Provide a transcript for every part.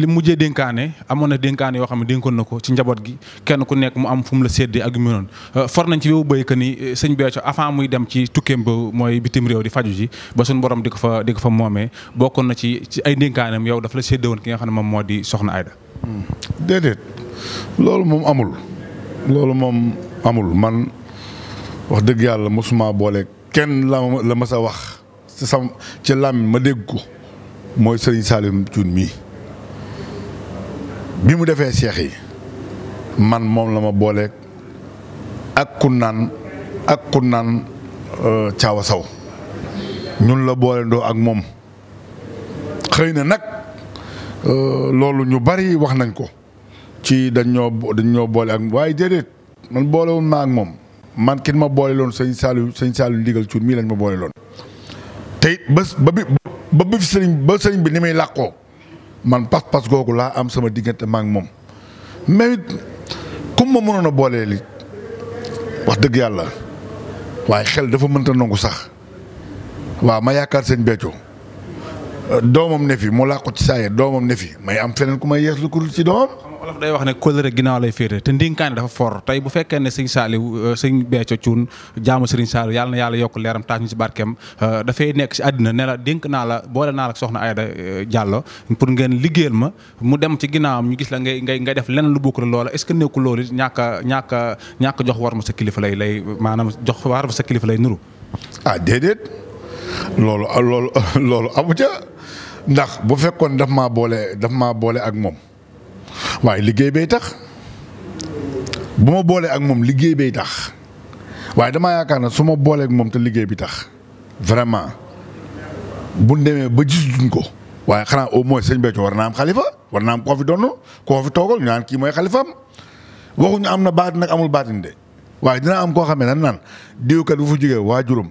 li mujjee dénkaane amoon na dénkaane yoo xam ne dénkoon na ko ci njaboot gi kenn ku nekk mu am fu la séddee ak yu mu euh, for nañ ci yow béy que ni euh, sëñ Béthio avant muy dem ci tukkeem ba mooy bitim réew di faju ji ba suñu borom di ko fa di ko fa moomee bokkoon na ci ci ay dénkaaneem yow dafa la séddee woon ki nga xam ne moom moo di soxna Aida. Hmm. déedéet loolu moom amul loolu moom amul man wax dëgg yàlla mosuma boole kenn la la mas a wax ci sam ci làmm ma dégg ko mooy sëriñ Salim Thioune bi mu defee seex yi man moom la ma booleeg ak kunnaan ak kunnaan caawa euh, saw ñun la booleendoo ak moom xëy na nag euh, loolu ñu bari wax nañ ko ci dañ ñoo dañ ñoo boole ak waaye déedéet man boolewul ma ak moom man kin ma boole loon sëñ Saliou sëñ Saliou ndigal cuun mii lañ ma boole loon tey it ba ba bi ba ba sëriñ bi ni muy làqoo man pas-pas googu laa am sama diggante maak moom mais comme ma mënoon a boolee li wax dëgg yàlla waaye xel dafa mënta nangu sax waaw ma yaakaar sëñ Béthio doomam ne fi mu làqu ci saa doomam ne fi may am feneen ku may yees lu ko ci doomam. xam nga olof day wax ne kóllëre ginnaaw lay féete te ndénkaane dafa for tey bu fekkee ne sëñ Saliou euh, sëñ Béthio Thioune jaamu sëriñ Saliou yàlla na yàlla yokk leeram taas ñu ci barkeem euh, dafay nekk ci àddina ne la dénk naa la boole naa la soxna Aïda euh, Diallo pour ngeen liggéeyal ma mu dem ci ginnaawam ñu gis la ngay ngay ngay def leneen lu bokkul loola est-ce que nekkul loolu ñàkk ñàkk ñàkk jox war ma sa kilifa lay lay maanaam jox war sa kilifa lay nuru ah, loolu ah, loolu loolu amu ca ndax bu fekkoon daf maa boole daf maa boole ak moom waaye liggéey bay tax bu ma boolee ak moom liggéey bay tax waaye damaa yaakaar ne su ma boolee moom te liggéey bi tax vraiment bu demee ba gisuñ ko waaye xanaa au moins sëñ Béthio war naa am xalifa war naa am koo fi doon koo fi toogal ñu naan kii mooy xalifaam waxuñu am na baatin nag amul baatin de waaye dina am koo xamee ne nan naan diw kat bu fa jógee waajuram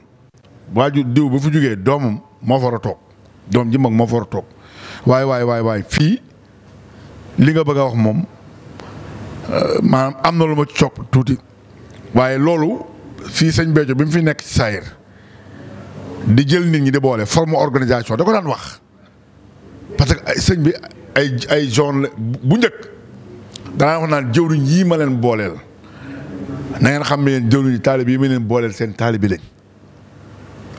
waa ju diw ba fu jógee doomam moo fa war a toog doom ji mag moo fa war a toog waaye waay waay waay fii li nga bëgg a wax moom euh, maanaam am na lu ma copp tuuti waaye loolu fii sëñ Béthio bi mu fi nekk ci saayir di jël nit ñi di boole forme organisation da ko daan wax parce que sëñ bi ay ay zone la bu njëkk danaa wax naan jëwriñ yii ma leen booleel na ngeen xam yeen yéen jëwriñ yi taalib yi ma leen booleel seen taalib yi lañ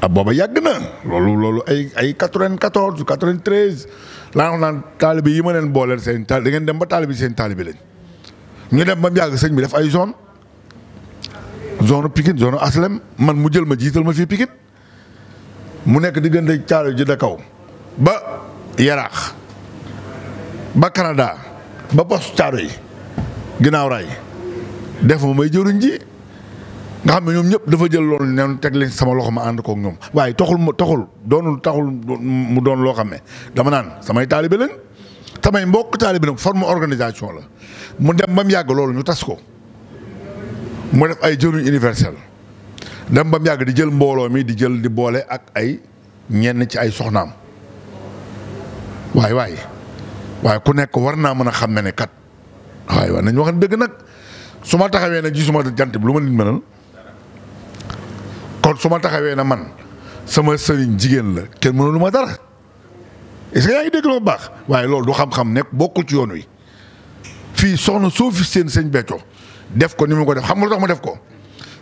ah booba yàgg na loolu loolu ay ay 94 93 laa na naan taalibe yi ma leen booleel seen taal da ngeen dem ba taalibe seen taalibe lañ ñu dem ba mu yàgg sëñ bi def ay zone zone Pikine zone aslem man mu jël ma jiital ma fii Pikine mu nekk di diggante caalo ji da kaw ba yaraax ba Canada ba post caaro yi ginnaaw raay def ma may jëruñ ji nga xam ne ñoom ñëpp dafa jël loolu nu teg leen sama loxo ma ànd kook ñoom waaye taxul mu taxul doonul taxul mu doon loo xam ne dama naan samay taalibe lañ samay mbokk taalibe lañ forme organisation la mu dem ba yàgg loolu ñu tas ko mu def ay jëriñ universel dem ba yàgg di jël mbooloo mi di jël di boole ak ay ñenn ci ay soxnaam waaye waaye waaye ku nekk war naa mën a xam ne ne kat waaye waaye nañ wax dëgg nag su ma taxawee nag gisuma jant bi lu ma kon su ma taxawee na man sama sëriñ jigéen la kenn mënu ma dara est yaa ngi dégg lu baax waaye loolu du xam-xam nekk bokkul ci yoon wi fii soxna soo fi seen sëñ Béthio def ko ni mu ko def xam nga lu tax ma def ko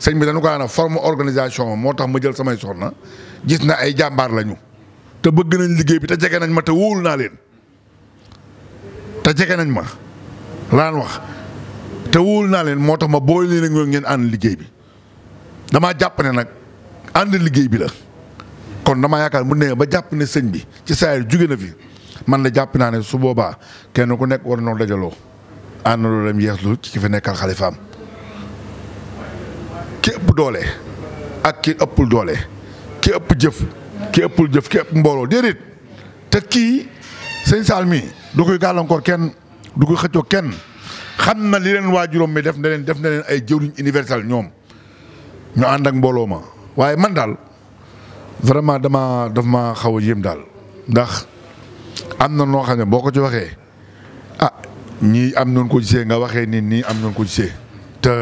sëñ bi dañu ko ana forme organisation moo tax ma jël samay soxna gis na ay jàmbaar lañu te bëgg nañ liggéey bi te jege nañ ma te wóolu naa leen te jege nañ ma laan wax te wóolu naa leen moo tax ma boole leen ak ngeen ànd liggéey bi damaa jàpp nag ànd liggéey bi la kon dama yaakaar mu ne ba jàpp ne sëñ bi ci saa yi jóge na fi man na jàpp naa ne su boobaa kenn ku nekk war noonu dajaloo ànd loolu dem yeexlu ci fi nekkal xalifaam ki doole ak ki ëppul doole ki ëpp jëf ki ëppul jëf ki mbooloo déedéet te kii sëñ mi du koy gàllankoor kenn du koy xëccoo kenn xam na li leen waajuram mi def na leen def na leen ay jëwriñ universel ñoom ñu ànd ak mbooloo ma waaye man daal vraiment dama daf ma xaw a daal ndax am na noo xam ne boo ko ci waxee a ah, ñii am noonu ko gisee nga waxee nii nii am noonu ko gisee te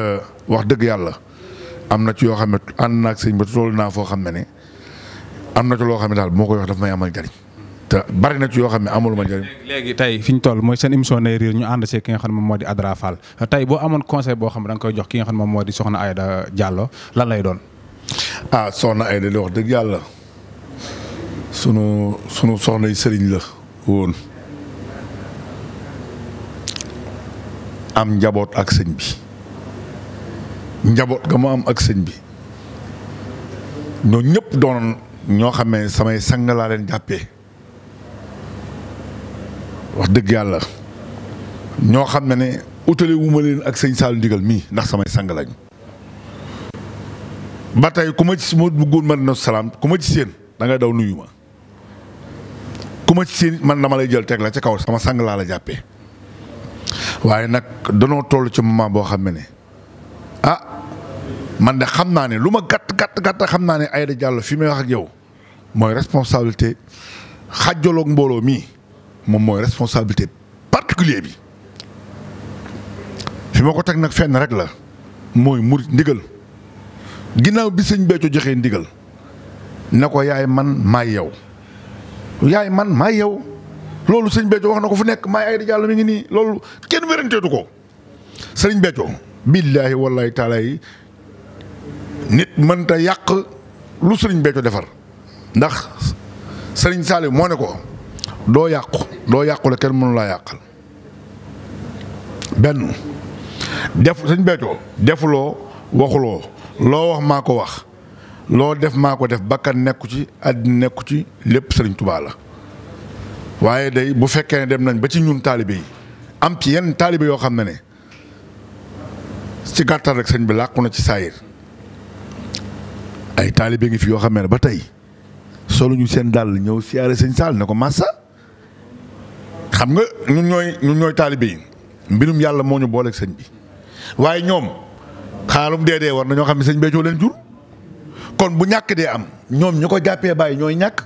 wax dëgg yàlla am na ci yoo xam ne ànd naag sëñ ba toll naa foo xam ne ne am na ci loo xam ne daal moo koy wax daf may amal njariñ te bari ci yoo xam ne amul ma njariñ léegi tey fi ñu toll mooy seen émission nay riir ñu ànd see ki nga xam ne moom moo di Adra Fall tey boo amoon conseil boo xam ne da nga koy jox ki nga xam ne moom moo di soxna Aida Diallo lan lay doon. ah soxna Aida li wax dëgg yàlla sunu sunu soxna yi sëriñ la woon am njaboot ak sëñ bi njaboot ga mu am ak sëñ bi ñoo ñëpp doon ñoo xam samay sang laa leen jàppee wax dëgg yàlla ñoo xam ne ne utale wu leen ak sëñ Saalu ndigal mii ndax samay sang lañ ba tey ku ma ci ma bëggoon Madina Salaam ku ma ci seen da ngay daw nuyu ma ku ma ci seen man dama lay jël teg la ci kaw sama sang laa la jàppee waaye nag danoo toll ci moment boo xam ne ah man de xam naa ne lu ma gàtt gàtt gàtt xam naa ne Aïda Diallo fi may wax ak yow mooy responsabilité xàjjaloog mbooloo mii moom mooy responsabilité particulier bi fi ma ko teg nag fenn rek la mooy murit ndigal. ginnaaw bi sëñ Béthio joxee ndigal na ko yaay man may yow yaay man may yow loolu sëñ Béthio wax na ko fu nekk may ay di jàll mi ngi nii loolu kenn wéranteetu ko sëñ Béthio billaahi wallaahi taala nit mënta yàq lu sëriñ Béthio defar ndax sëriñ Saliou moo ne ko doo yàqu doo yàqule kenn mënu laa yàqal benn def sëriñ Béthio defuloo waxuloo loo wax maa ko wax loo def maa ko def bakkan nekku ci àddina nekku ci lépp sëriñ tubaa la waaye day bu fekkee ne dem nañ ba ci ñun taalibe yi am ci yenn taalibe yoo xam ne ne ci gàttal rek sëñ bi làqu na ci saayir ay taalibee ngi fi yoo xam ne ba tey solu ñu seen dàll ñëw siyaare sëñ Saal ne ko massa xam nga ñun ñooy ñun ñooy taalibe yi mbirum yàlla moo ñu booleeg sëñ bi waaye ñoom. xaalum dee dee war na ñoo xam ne sëñ Béthio leen jur kon bu ñàkk dee am ñoom ñu ko jàppee bàyyi ñooy ñàkk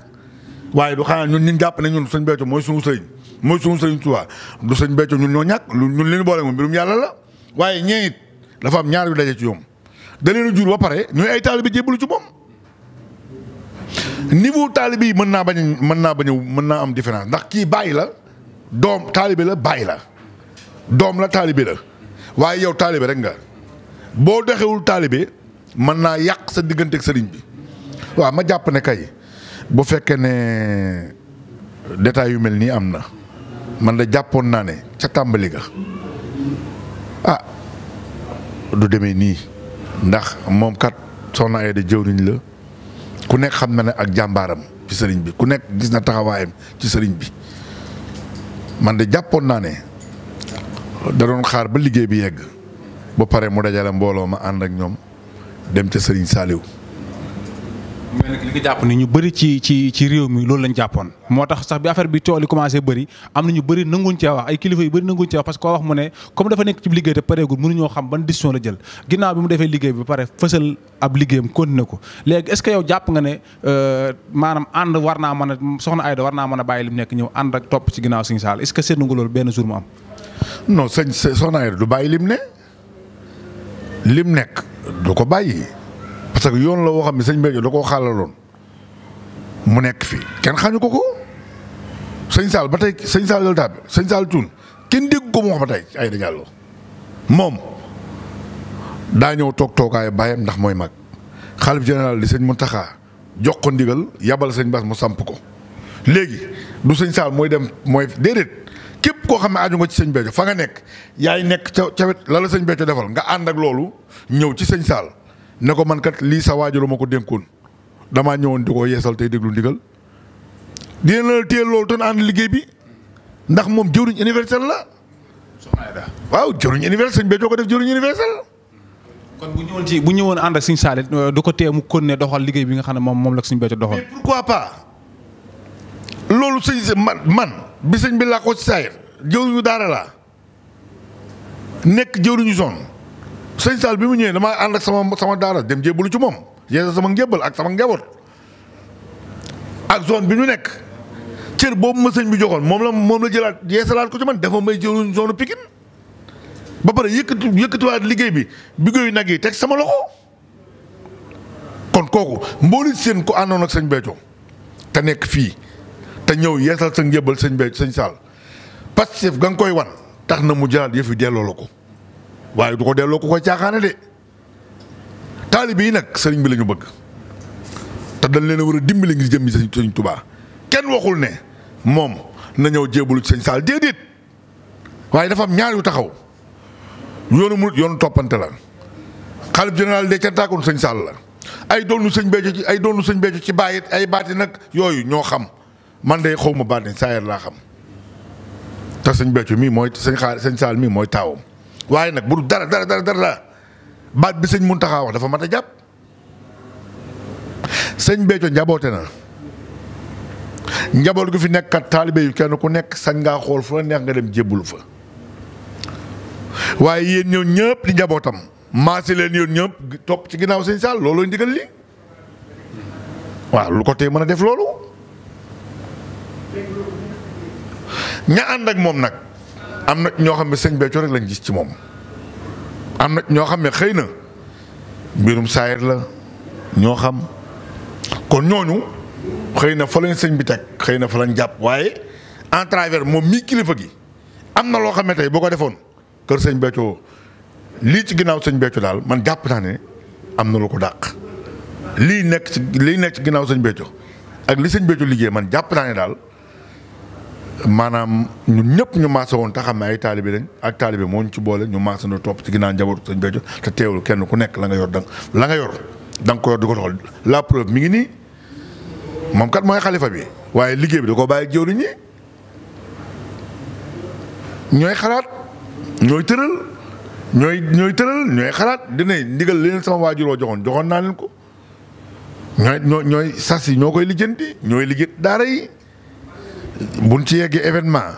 waaye lu xanaa ñun ñun jàpp ne ñun sëñ Béthio mooy suñu sëriñ mooy suñu sëriñ Tuubaa lu sëñ Béthio ñun ñoo ñàkk ñun li ñu boole moom mbirum yàlla la waaye ñee it dafa am ñaar yu daje ci ñoom da jur ba pare ñooy ay taalibe jébbalu ci moom niveau taalibe yi mën naa bañ mën naa bañ mën naa am différence ndax kii bàyyi la doom taalibe la bàyyi la doom la taalibe la waaye yow taalibe rek nga boo doxewul taalibe mën naa yàq sa diggante ak sëriñ bi waaw ma jàpp ne kay bu fekkee ne détails yu mel nii am na man da jàppoon naa ne ca tàmbali ga ah du demee nii ndax moom kat soxna Aida jëwriñ la ku nekk xam na ne ak jàmbaaram ci sëriñ bi ku nekk gis na taxawaayam ci sëriñ bi man de jàppoon naa ne da doon xaar ba liggéey bi yegg ba pare mu dajale mbooloo ma ànd ak ñoom dem ca Serigne Saliou. ñu bëri ci ci ci réew loolu lañ jàppoon moo tax sax bi affaire bi tool yi am na ñu bëri nanguñ cee wax ay yu bëri nanguñ cee wax parce wax mu ne comme dafa nekk ci liggéey te pareegul mënuñoo xam ban décision la jël ginnaaw bi mu defee liggéey bi ba pare fësal ab liggéeyam continué ko euh, war naa mën a soxna Aida war naa mën a bàyyi mu nekk ñëw ànd ak topp ci ginnaaw Serigne Saliou est-ce benn jour mu am. non sëñ soxna Aida du bàyyi ne lim nekk du ko bàyyi parce que yoon la woo xam ne sëñ Béthio da koo xaalaloon mu nekk fii kenn xañu ko ko sëñ Saal ba tey sëñ Saal Diallo Tade sëñ Saal Thioune kenn dégg ko mu wax ba tey ay Diallo moom daa ñëw toog toogaayu bàyyam ndax mooy mag xalif général di mu Mountakha jox ko ndigal yabal sëñ Bass mu samp ko léegi du sëñ Saal mooy dem mooy déedéet. képp koo xam ne aju nga ci sëñ Béthio fa nga nekk yaay nekk ca ca wet la la sëñ Béthio defal nga ànd ak loolu ñëw ci sëñ Saal ne ko man kat lii sa waajur ma ko dénkoon dama ñëwoon di ko yeesal tey déglu ndigal dina la téye loolu te ànd liggéey bi ndax moom jëruñ universel la. waaw jëruñ universel sëñ Béthio ko def jëruñ universel. kon bu ñëwoon bu ñëwoon ànd ak sëñ Saal euh, du ko téye mu kon ne doxal liggéey bi nga xam ne moom moom la ko sëñ Béthio doxal. mais pourquoi pas loolu sëñ man. bi sëñ bi làqoo ci saayir jëwriñu daara laa nekk jëwriñu zone sëñ Saal bi mu ñëwee damaa ànd ak sama sama daara dem jébbalu ci moom yeesa sama njébbal ak sama njaboot ak zone bi ñu nekk cër boobu ma sëñ bi joxoon moom la moom la jëlaat yeesalaat ko ci man dafa may jëwriñu zone Pikine ba pare yëkkati yëkkatiwaat liggéey bi yu nag yi teg sama loxo kon kooku mbooli seen ku àndoon ak sëñ Béthio te nekk fii te ñëw yeesal sa njëbal sëñ Bay sañ saal Pastef ga nga koy wan tax na mu jëlaat yëf yi delloo la ko waaye du ko delloo ko koy caaxaane de taalibe yi nag sëriñ bi lañu bëgg te dañ leen war a dimbali ngir jëmmi sëñ tubaa kenn waxul ne moom na ñëw jébalu ci sëñ Sall déedéet waaye dafa am ñaar yu taxaw yoonu murit yoonu toppante la xalif général de cantaakoon sëñ Sall la ay doonu sëñ Béthio ci ay doonu sëñ Béthio ci bàyyit ay baati nag yooyu ñoo xam man de xaw ma baatin saayir laa xam te sëñ beccu mii mooy sëñ xaar sëñ saal mii mooy taawam waaye nag bu dara dara dara dara baat bi sëñ Muntaxa wax dafa mat a jàpp sëñ beccu njaboote na njaboot gu fi nekkat taalibe yu kenn ku nekk sañ ngaa xool fu la neex nga dem jébbulu fa waaye yéen ñëw ñëpp di njabootam maasi leen yoon ñëpp topp ci ginnaaw sëñ saal looloo ndigal li waaw lu ko tey mën a def loolu ña ànd rek moom nag am na ñoo xam ne sëñ Béthio rek lañ gis ci moom am na ñoo xam ne xëy na mbirum saayir la ñoo xam kon ñooñu xëy na foo lañ sëñ bi teg xëy na fa lañ jàpp waaye en travers moom mii kilifa gi am na loo xam ne tey boo ko defoon kër sëñ Béthio lii ci ginnaaw sëñ Béthio daal man jàpp naa ne am na lu ko dàq lii nekk ci lii nekk ci ginnaaw sëñ Béthio ak li sëñ Béthio liggéey man jàpp naa ne daal. maanaam ñun ñëpp ñu maase woon te xam ne ay taalibe lañ ak taalibe moo ñu ci boole ñu maase na topp ci ginnaaw njabootu Sëñ Béthio te teewul kenn ku nekk la nga yor dang la nga yor da nga ko di ko doxal la preuve mi ngi nii moom kat mooy xalifa bi waaye liggéey bi da ko bàyyi jëwriñ ñi ñooy xalaat ñooy tëral ñooy ñooy tëral ñooy xalaat dinañ ndigal leen sama waajuroo joxoon joxoon naa leen ko ñooy ñooy sas yi ñoo koy lijjanti ñooy liggéey daara yi. buñ ci yeggee événement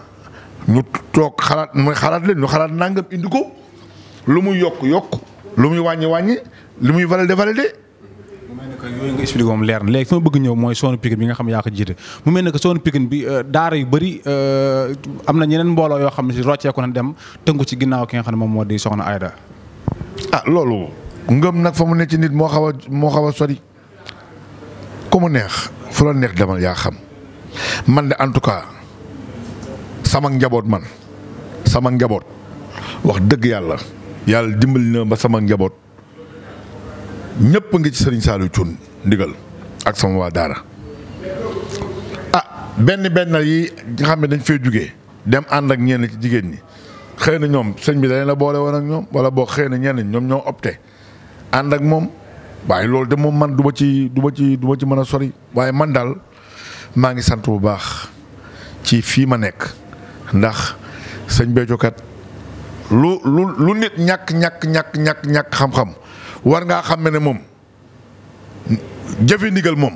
ñu toog xalaat mooy xalaat leen ñu xalaat nangam indi ko lu muy yokk yokk lu muy wàññi wàññi lu muy validé de mu mel ne que yooyu leer na léegi bëgg ñëw mooy zone Pikine bi nga xam yaa ko jiite mu mel ne que zone Pikine bi euh, daara yu bëri euh, am na ñeneen mbooloo yoo xam ne si rocceeku na dem tënku ci ginnaaw ki nga xam ne moom moo di soxna Aida. ah loolu. ngëm nag fa mu ne ci nit moo xaw a moo xaw a sori ku mu neex fu la neex demal yaa xam. man de en tout cas sama njaboot man sama njaboot wax dëgg yàlla yàlla dimbali na ba sama njaboot ñëpp ngi ci sëriñ saalu Thioune ndigal ak sama waa daana a ah, benn benn yi nga xam ne dañ fee jugee dem ànd ak ñenn ci jigéen ñi xëy na ñoom sëñ bi dañ la boole woon ak ñoom wala boo xëy na ñenn ñoom ñoo opté ànd ak moom waaye loolu de moom man du ma ci du ma ci du ma ci mën a sori waaye man daal. maa ngi sant bu baax ci fii ma nekk ndax sëñ Béthio kat lu lu nit ñàkk ñàkk ñàkk ñàkk xam-xam war ngaa xam ne moom jëfe ndigal moom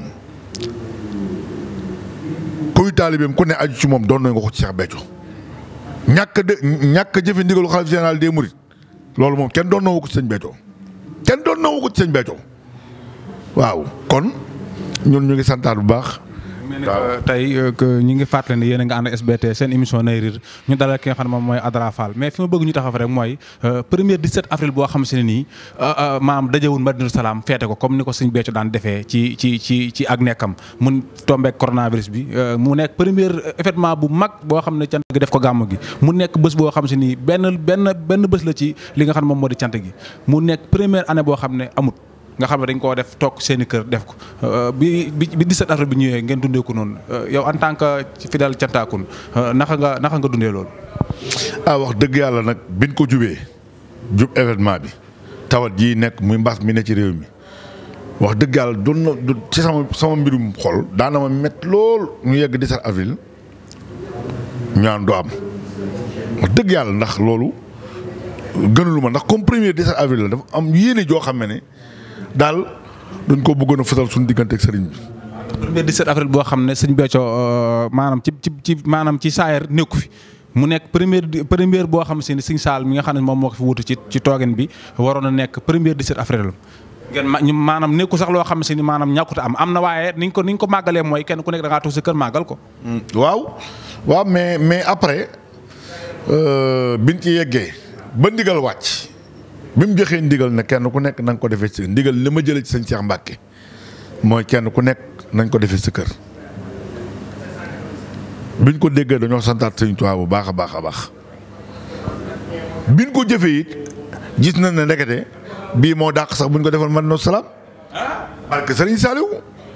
kuy taalibeem ku ne aju ci moom doon nañ nga ko ci Cheikh Béthio ñàkk ñàkk jëfe ndigalu xalif général loolu moom kenn doon na ko ci kenn doon na ko ci waaw kon ñun ñu ngi santaat bu baax waaw tey euh, ñi ngi fàttali ne yéen a nga ànd SBT seen émission nay riir ñu dalal ki nga moom mooy Adra Fall mais fi ma bëgg ñu taxaw rek mooy euh, premier 17 avril boo xam se ne nii euh, maam dajewul Madinatu Salaam feete ko comme ni ko suñ becco daan defee ci ci ci ci ak nekkam mun tombeek coronavirus bi mu nekk premier événement bu mag boo xam ne cant gi def ko gàmm gi mu nekk bés boo xam se nii benn benn benn bés la ci li nga xam ne moom moo di cant gi mu nekk première année boo xam ne amut nga xam ne dañ koo def toog seeni kër def ko euh, bi bi 17 avril bi ñëwee ngeen dundee ko noonu euh, yow en tant que fidèle cantaakun euh, naka nga naka nga dundee loolu. ah wax dëgg yàlla nag biñ ko jubee jub événement bi tawat jii nekk muy mbaas mi ne ci réew mi wax dëgg yàlla doon na ci sama sama mbirum xol daanama ma met lool ñu yegg 17 avril ñu am doo am wax dëgg yàlla ndax loolu gënaluma ndax comme premier 17 avril la dafa am yéene joo xam ne. daal dañ ko bëggoon a fësal suñu diggante ak sëriñ bi. premier 17 avril boo xam ne sëñ Béthio euh, maanaam ci ci ci maanaam ci saayar nekku fi mu nekk premier première boo xam si ne sëñ Saal mi nga xam ne moom moo ko fi wutu ci ci toogin bi waroon a nekk premier maanaam nekku sax loo xam si ni maanaam ñàkkut am am na waaye niñ ko niñ ko màggalee mooy kenn ku nekk da ngaa kër màggal ko. Mm, waaw mais mais après euh, biñ ci yeggee ba ndigal wàcc. bi mu joxee ndigal ne kenn ku nekk na ko defee ci ndigal li ma jëlee ci sëñ Cheikh Mbacke ku nekk nañ ko defee sa kër. biñ ko déggee dañoo santaat sëñ Tuubaa bu baax a baax a baax biñ ko jëfe it gis nañ ne ndekete bii moo dàq sax buñ ko defal man no salaam barke sëriñ Saaliw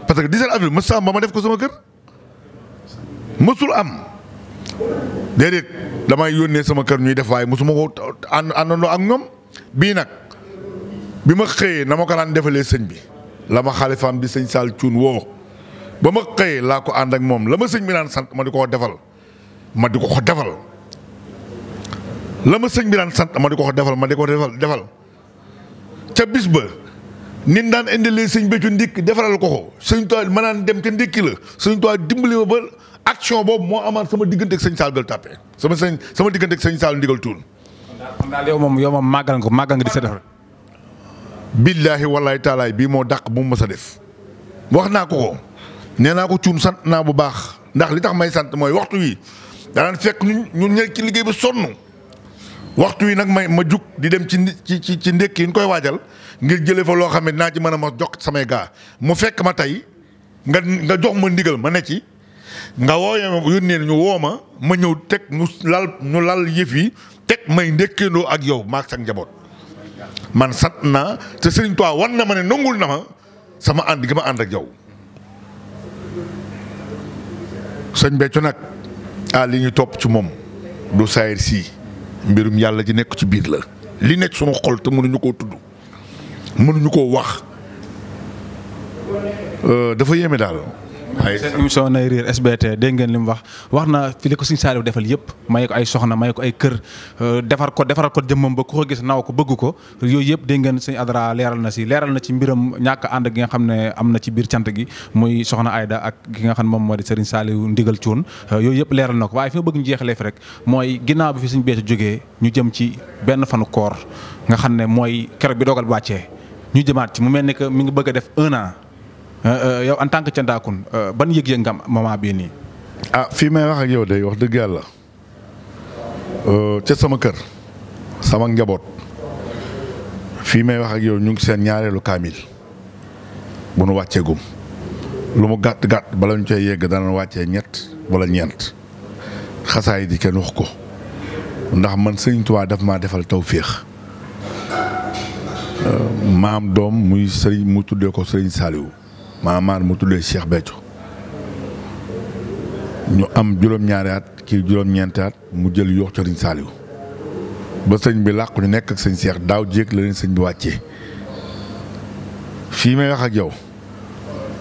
parce que 17 avril mësul am ba ma def ko sama kër mësul am déedéet damay yónnee sama kër ñuy def waaye mësuma ko àndandoo ak ñoom. bii nag bi ma xëyee na ma ko daan defalee sëñ bi la ma xalifaam bi sëñ Saal Cuun woo ba ma xëyee laa ko ànd ak moom la ma sëñ bi daan sant ma di ko defal ma di ko defal la ma sëñ bi daan sant ma di ko ko defal ma di ko defal defal ca bis ba nit daan indilee sëñ Béthio ndikk defaral ko ko suñu Tuubaa ma naan dem ca ndékki la suñu Tuubaa dimbali ma ba action boobu moo amaat sama diggante ak sëñ Saal Gueule Tapée sama sëñ sama diggante ak sëñ Saal ndigal Cuun xam naa yow moom yow nga ko màggal nga di sa defal. billaahi wallaahi taalaay bii moo dàq bu mu mës a def wax naa ko ko nee naa ko cuun sant naa bu baax ndax li tax may sant mooy waxtu wi danaan fekk ñun ñun liggéey bi sonn waxtu wi nag may ma jug di dem ci ci ci ci ndékk yi ñu koy waajal ngir jëlee fa loo xam ne naa ci mën a ma jox samay gaa mu fekk ma tey nga nga jox ma ndigal ma ne ci nga wooyee ma yónnee ñu woo ma ma ñëw teg ñu lal ñu lal yëf yi teg may ndékkandoo ak yow maag sa njaboot man sat naa te Sëriñ Tuubaa wan na ma ne nangul na ma sama ànd gi ma ànd ak yow sëñ Béthio nag a ah, li ñu topp ci moom du saayir sii mbirum yàlla ji nekk ci biir la li nekk sunu xol te mënuñu koo tudd mënuñu koo wax euh, dafa yéeme daal seen émission nay riir SBT dégg ngeen li mu wax wax na fi li ko Serigne Saliou defal yëpp may ko ay soxna may ko ay kër euh, defar ko defar ko jëmmam ba ku ko gis naw ko bëgg ko yooyu yëpp dégg ngeen Serigne Adra leeral na si leeral na ci mbiram ñàkk ànd gi nga xam ne am na ci biir cant gi muy soxna ayda ak ki nga xam ne moom moo di Serigne Saliou ndigal cuun euh, yooyu yëpp leeral na ko waaye fi ma bëgg ñu jeexalee fi rek mooy ginnaaw bi fi Serigne Béthio jógee ñu jëm ci benn fanu koor nga xam ne mooy keroog bi dogal wàccee ñu jëmaat ci mu mel ni que mi ngi bëgg a def un Euh, euh, yow en tant que Thiantacoune euh, ban yëg-yëg nga am bii nii. ah fii may wax ak yow day wax dëgg yàlla ca sama kër sama njaboot fii may wax ak yow ñu ngi seen ñaareelu kaamil bu nu wàccee gum lu mu gàtt gàtt bala ñu cay yegg dana wàccee ñett walla ñeent xasaay di kenn wax ko ndax man sëñ Tuubaa daf maa defal tawféex maam doom muy sëriñ mu tuddee ko sëriñ Saliou ma maamaar mu tuddee Cheikh Béthio ñu am juróom-ñaari at kii juróom-ñeenti at mu jël yoox Sëriñ Saaliw ba sëñ bi làqu ñu nekk ak sëñ seex daaw jéeg la sëñ bi wàccee fii may wax ak yow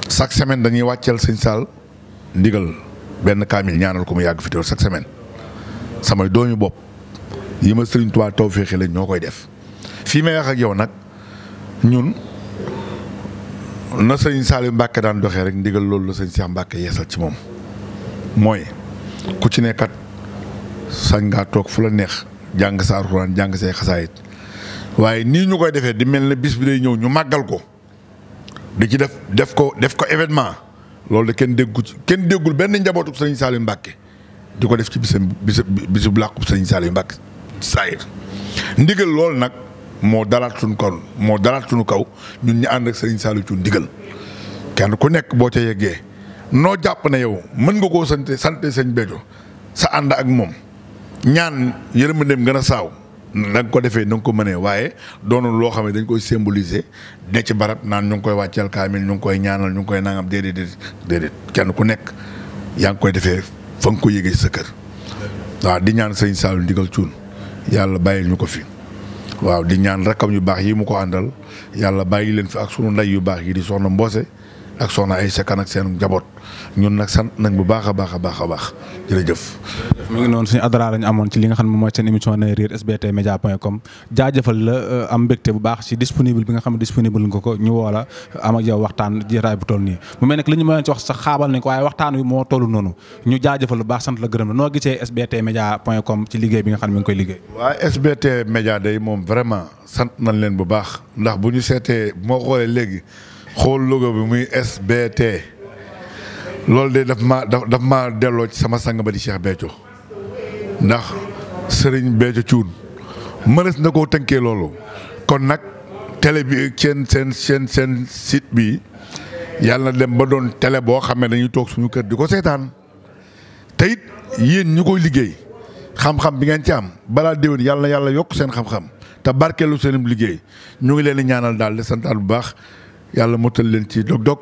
chaque semaine dañuy wàcceel sëñ Saal ndigal benn kaamil ñaanal ko mu yàgg fi teew semaine sama doomi bopp yi ma sëriñ Tuubaa tawféexi lañ ñoo koy def fii may wax ak yow nag ñun. na sëñ Saliou mbàkke daan doxe rek ndigal loolu la sëñ Cheikh Mbacke yeesal ci moom mooy ku ci nekkat sañ ngaa toog fu la neex jàng sa alxuraan jàng say nii ñu koy defee di mel ne bis bi day ñëw ñu màggal ko di ci def def ko def ko événement loolu kenn déggu ci kenn déggul benn njabootu sëñ Saliou Mbacke di ko def ci bisam bisub bisub làqub sëñ Saliou Mbacke saayir ndigal loolu nag. moo dalaat suñu kaw moo dalaat kaw ñun ñu ànd ak Serigne Saliou Thioune ndigal kenn ku nekk boo ca yeggee noo jàpp na yow mën nga koo sante sante sëñ Béthio sa ànd ak moom ñaan yërmandeem gën a saaw da nga ko defee na nga ko mënee waaye doonu loo xam ne dañ koy symboliser ne ci barab naan ñu ngi koy wàcceel kaamil ñu ngi koy ñaanal ñu ngi koy nangam déedéet déedéet kenn ku nekk yaa ngi koy defee fa nga ko yëgee sa kër waaw di ñaan sëñ Saliou ndigal Thioune yàlla bàyyi ñu ko fi waaw di ñaan rakkam yu baax yii mu ko àndal yàlla bàyyi leen fi ak sunu ndey yu baax yi di soxna mboose ak soxna ay Kane ak seen njaboot ñun nag sant nañ bu baax a baax a baax a baax jëf mu ngi noonu suñu adara lañu amoon ci li nga xam ne mooy seen émission nay riir sbt média point com jaajëfal la euh, am mbégte bu baax ci disponible bi nga xam ne disponible nga ko ñu woola euh, am ak a waxtaan jataay bu mu mel nag li ñu mayoon ci wax sax xaabal ko waaye waxtaan wi moo toll noonu ñu jaajëfal lu baax sant la gërëm la noo gisee sbt média point com ci liggéey bi nga xam ne mi ngi koy liggéey waa sbt média day moom vraiment sant nañ leen bu baax ndax bu ñu seetee moo xoolee léegi xool logo bi muy sbt loolu de daf ma daf ma delloo ci sama sang ba di Cheikh ndax sëriñ Béthio Thioune mënees na koo tënkee loolu kon nag tele bi seen seen seen seen site bi yàlla dem ba doon tele boo xam ne dañuy toog suñu kër di ko seetaan te it yéen ñu koy liggéey xam-xam bi ngeen ci am balaa déwén yàlla yàlla yokk seen xam-xam te barkeelu seen liggéey ñu ngi leen di ñaanal daal di santaat bu baax yàlla motal leen ci dog-dog.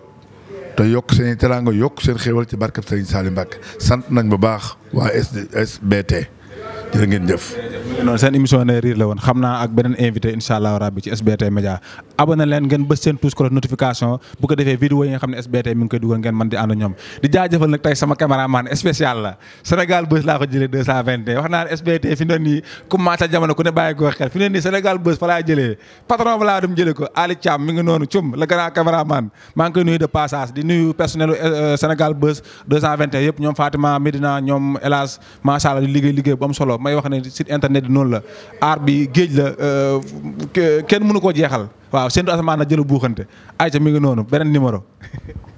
te yokk seen i teraanga yokk seen xéewal ci barkeb Serigne Saliou Mbacké sant nañ bu baax waa SBT jërë ngeen jëf. noonu seen émission ne riir la woon xam naa ak beneen invité incha allah rabbi ci SBT Média abonné leen ngeen bës seen touche cloche notification bu defee vidéo yi nga xam ne SBT mi ngi koy dugal ngeen mën di ànd ñoom di jaajëfal nag tey sama caméraman spécial la Sénégal Buzz laa ko jëlee wax naa ne SBT fi mu ne nii commencé jamono ku ne bàyyi ko xel fi mu nii Sénégal Buzz fa laa jëlee patron ba dum jëlee ko Ali Thiam may wax ne site internet bi noonu la aar bi géej la euh, kenn mënu koo jeexal waaw seentu asamaan na jëla buuxante ayca mi ngi noonu beneen numéro